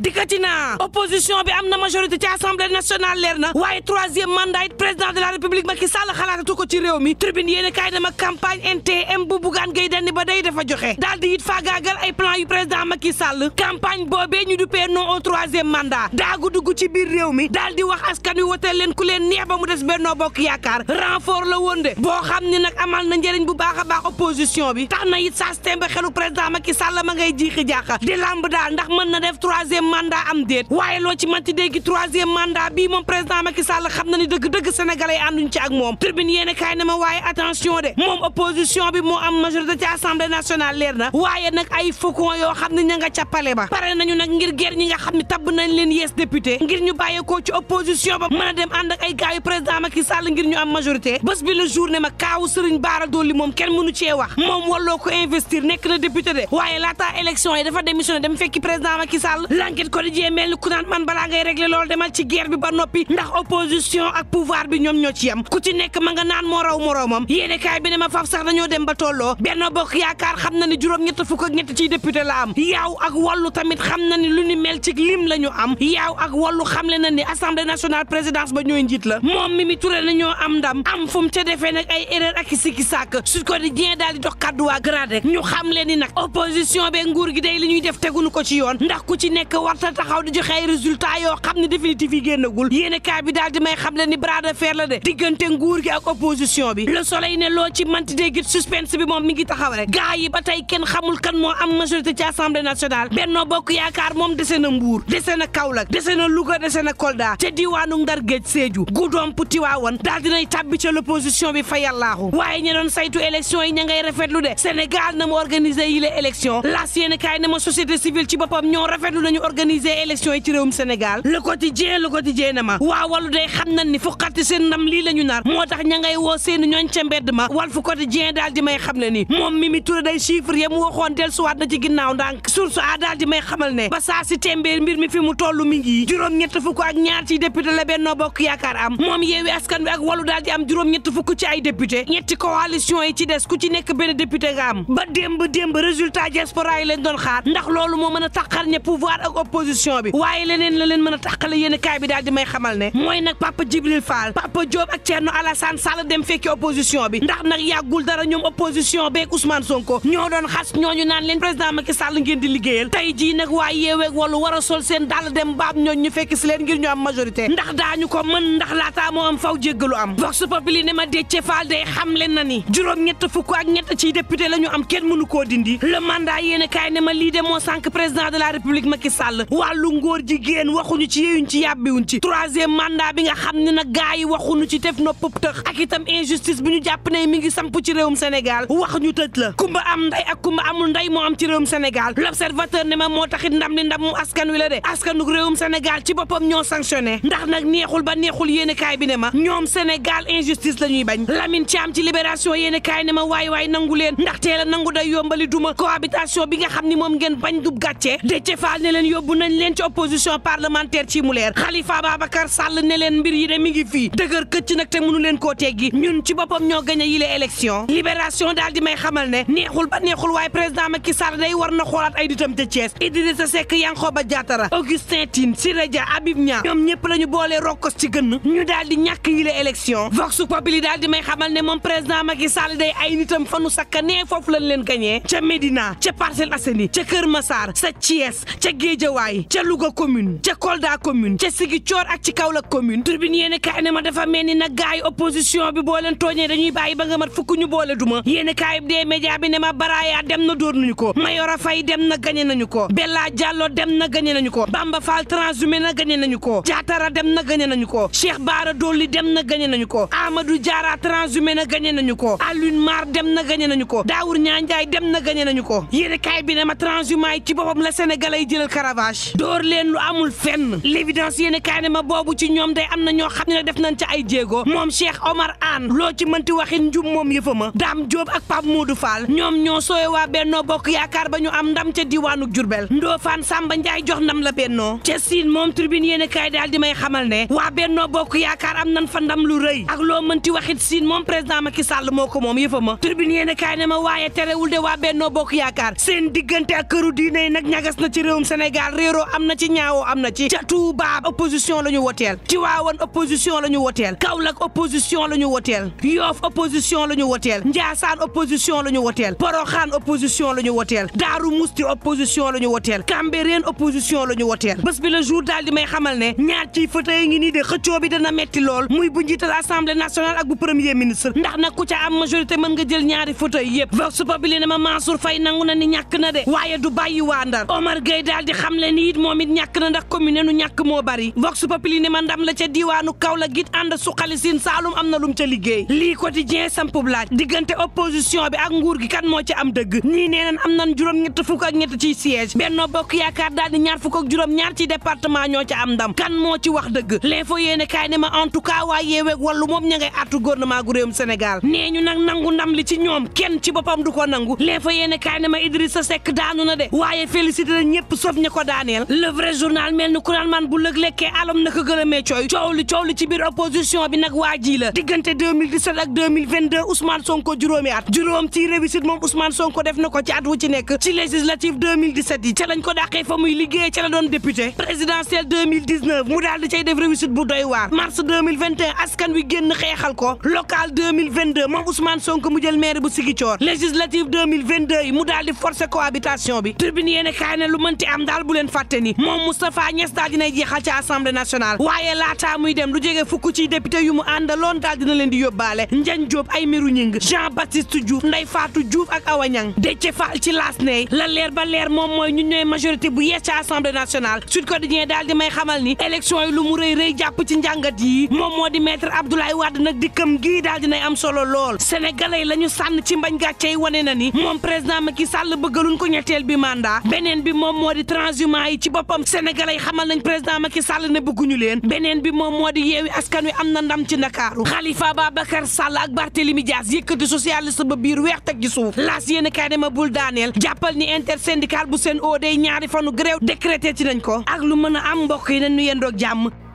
dikkati naa opposition bi am na majorité ci assemblée nationale leer na waaye troisième mandat it président de la république Macky Sall xalaatatu ko ci réew mi tribune yéen a kaay dama campagne NTM bu Bougane Gueye Dany ba day dafa joxe daal di faagaagal ay plan yu président Macky Sall campagne boobee ñu duppee non au troisième mandat daagu dugg ci biir réew mi daal di wax askan wi woteel leen ku leen neex ba mu des Benno Bokk Yaakaar renfort la woon de boo xam ne nag amal na njëriñ bu baax a baax opposition bi tax na ma na def manda mandat am déet waaye loo ci manti dégg troisième mandat bii moom président Macky Sall xam na dëgg-dëgg sénégalais ànduñ moom tribune yéen kaay na ma bi moo am majorité ci assemblée na waaye nag ngir ger ñi ne tabb nañ leen yees député ngir ñu bàyyeekoo ci opposition ba mën a dem ànd ak ay gaayu président Macky Sall ngir ñu am majorité wax moom walloo ko investir nekk na député de waaye laataa élection yi enquête quotidien mel ni ku naan man balaa ngay régler loolu demal ci guerre bi ba ndax opposition ak pouvoir bi ñoom ñoo yam ku ci nekk ma nga naan moo moroomam yéene kaay bi ne ma faf sax dañoo dem ba tolloo Benno Bokk Yaakaar xam na ni juróom-ñett fukk ak ñett ciy député la am yaaw ak wàllu tamit xam na ni lu ni mel ci lim la ñu am yaaw ak wàllu xamle na ni assemblée nationale présidence ba ñooy njiit la moom Mimi Touré na ñoo am ndam am fu ca defee nag ay erreur ak sikki su quotidien daal di dox kàddu waa grand rek gi day li ñuy def tegunu ko ci yoon ndax warta taxaw di joxe ay résultat yoo xam ne définitif yi génnagul yéene kaay bi daal di may xam le ni bras la de diggante nguur gi ak opposition bi le soleil ne loo ci manti déggit suspense bi moom mi ngi taxaw rek gaa ba tey kenn xamul kan moo am majorité ci assemblée nationale bennoo bokk yaakaar moom dese na mbuur dese na Kaolack dese na Louga dese na Kolda ca diwaanu Ndar Géej Sédhiou gudoom puti waawoon daal dinay tàbbi ca l'opposition bi fa yàllaahu waaye ñe doon saytu élection yi ña ngay rafetlu de Sénégal na mu organiser yi organiser élection yi ci réewum Sénégal le quotidien le quotidien na ma waa walu day xam nañ ni fuqati seen ndam lii la ñu nar moo tax ña ngay woo seen ñooñ ca mbedd ma wal fu quotidien daal di may xam ne ni moom mi Touré day chiffre yam waxoon dellusiwaat na ci ginnaaw ndànk source a daal may xamal ne ba saa si tembeer mbir mi fi mu toll mi ngi juróom-ñett fukk ak ñaar ci député la Benno Bokk Yaakaar am moom yeewi askan wi ak walu daal di am juróom-ñett fukk ci ay député ñetti coalition yi ci des ku ci nekk benn député nga am ba démb démb résultat diaspora yi lañ doon xaar ndax loolu moo mën a taqal ne opposition bi waaye leneen la leen mën a tàqale yéen kaay bi daal di may xamal ne mooy nag Papa Djibril Fall Papa Diop ak Thierno Alassane Sall dem fekki opposition bi ndax nag yàggul dara ñoom opposition beeg Ousmane Sonko ñoo doon xas ñooñu naan leen président Macky a sol ngir ñu am ndax daañu ko mën ndax laataa moo am faw jéggalu am vox populi ne ma Déthié Fall day xam leen na ni juróom ñett fukk ak ñett ciy député la am kenn mënu koo dindi le la wàllu ngóor jigéen waxuñu ci yeyuñ ci yàbbiwuñ ci troisième mandat bi nga xam ne nag gars waxuñu ci def noppub tëx ak itam injustice bi ñu jàpp ne mi ngi samp ci réewum Sénégal wax ñu tëj la kumba am nday ak kumba amul nday moo am ci réewum Sénégal l'observateur ne ma moo taxit ndam li ndamu askan wi la de askanu réewum Sénégal ci boppam ñoo sanctionné ndax nag neexul ba neexul yéene kaay bi ne ma ñoom Sénégal injustice la ñuy bañ Lamine Thiam ci libération yéene kaay ne ma waay waay nangu leen ndax teel nangu day yombali duma cohabitation bi nga xam ni moom ngeen bañ dub gàccee yóbbu nañ leen ci opposition parlementaire ci mu leer Khalifa Ababacar Sall ne leen mbir yi de mi ngi fii dëgër këcc nag te mënu leen koo teggi ñun ci boppam ñoo gañ a yile élection libération daal di may xamal ne neexul ba neexul waaye président Macky Sall day war na xoolaat ay ditam te Thiès Idrissa Seck Yankhoba Diattara Augustin Tine Siré Dia Habib Niang ñoom ñëpp la ñu boolee rokkos ci gënn ñu daal di ñàkk yile élection Vox Populi daal di may xamal ne moom président Macky Sall day ay nitam fanu sakka nee foofu lañ leen gañee ca Médina ca Parcelles Assainies ca Kër Massar sa Thiès ca Géej géejawaay ca Louga commune ca Kolda commune ca Ziguinchor ak ci Kaolack commune turbine yéen kaay ne ma dafa mel ni nag gaay opposition bi boo leen tooñee dañuy bàyyi ba nga mat fukk ñu boole duma yéen kaay bi dee média bi ne ma baraayaa dem na dóor nañu ko Mayora Faye dem na gañe nañu ko Bella Diallo dem na gañe nañu ko Bamba Fall transhumé na gañe nañu ko Diatara dem na gañe nañu ko Cheikh Bara Dolly dem na gañe nañu ko Amadou Diarra transhumé na gañe nañu ko Alioune Mar na gañe nañu ko Daour Niandiaye dem na gañe nañu ko yéen kaay bi ne ma transhumé ci boppam la Sénégalais yi ravage dóor leen lu amul fenn l'évidence yéen kaay ne ma boobu ci ñoom day am na ñoo xam ne nag def nañ ca ay jéego moom Cheikh Omar Anne loo ci mënti waxin njum moom yëfa ma Dame Diop ak Pape Modou Fall ñoom ñoo sooye waa Bennoo Bokk Yaakaar ba ñu am ndam ca diwaanu Jurbel Ndofaan Samba Ndiaye jox ndam la Bennoo ca Sine moom tribune yéen kaay di may xamal ne waa Bennoo Bokk Yaakaar am nan fa ndam lu rëy ak loo mënti waxit Sine moom président Macky Sall moo ko moom yëfa ma tribune yéen kaay ne waaye terewul de waa Bokk Yaakaar seen diggante ak këru diine nag ñagas na ci réewum Sénégal Sénégal réeroo am na ci ñaawoo am na ci ca Touba opposition la ñu woteel Tiwaawan opposition la ñu woteel Kaolack opposition la ñu woteel Yoff opposition la ñu woteel Njaasaan opposition la ñu woteel Poroxaan opposition la ñu woteel Daaru Musti opposition la ñu woteel Cambérène opposition la ñu woteel bés bi le jour daal di may xamal ne ñaar ciy fauteuil ngi nii de xëccoo bi dana metti lool muy bu njiital assemblée nationale ak bu premier ministre ndax na ku ca am majorité mën nga jël ñaari fauteuil yëpp vox populi ne ma Mansour Faye nangu na ni ñàkk na de waaye du bàyyi waa Ndar xamle ni it moom it ñàkk na ndax commune nu moo bari vox populi ne ma na lum ca liggéey lii quotidien sampub laaj diggante opposition bi ak nguur gi kan moo ca am dëgg ñii yéene kaay ma en tout cas waa moom ña ngay àttu gu réewum Sénégal nee ñu nangu ndam li ci ñoom kenn ci boppam du ko nangu l'info yéene kaay ma Idrissa Seck daanu na de waaye félicité na ñëpp sof ña daaneel le vrai journal mel ni kuraan man bu lëg lekkee alam naka gëlëmee cooy coow li coow li ci biir opposition bi nag waa ji diggante ak 2022 Ousmane Sonko juróomi at juróom ci réussite moom Ousmane Sonko def na ko ci at wu ci nekk ci législative 2017 yi mu daal di cay def réussite bu doy waar mars askan wi génn xeexal ko local 2022 moom Ousmane Sonko mu jël bu Ziguinchor législative mu daal di forcer cohabitation bi tribune yéen kaay lu mënti am daal bu leen fàtte ni moom Moustapha Niass daal dinay jeexal ci assemblée nationale waaye laataa muy dem lu jege fukk ci député yu mu àndaloon daal leen di yóbbaale Ndiagne Diop Aymerou Gningue Jean Baptiste Diouf Ndeye Fatou Diouf ak Awa Niang Déthié ci laas ney la leer ba leer moom mooy ñu ñooy majorité bu yees ci assemblée nationale Sud Quotidien daal di may xamal ni élection yi lu mu rëy rëy jàpp ci njàngat yi moom moo di maître Abdoulaye Wade nag dikkam gii daal dinay am solo lool sénégalais la sànn ci mbañ gàcce na ni moom président Macky Sall bëggaluñ ko ñetteel bi mandat beneen bi moom maa yi ci boppam sénégalais xamal nañ président Macky Sall ne bëgguñu leen beneen bi moom moo di yeewi askan wi am na ndam ci ndakaaru Khalifa Babacar Sall ak Barthélémy Dias yëkkati socialiste ba biir weex teg ci suuf laas yéen kay dema bul daaneel jàppal ni intersyndical bu seen oo day ñaari fanu gréew décrété ci nañ ko ak lu mën a am mbokk yi nañ ñu yendoog jàmm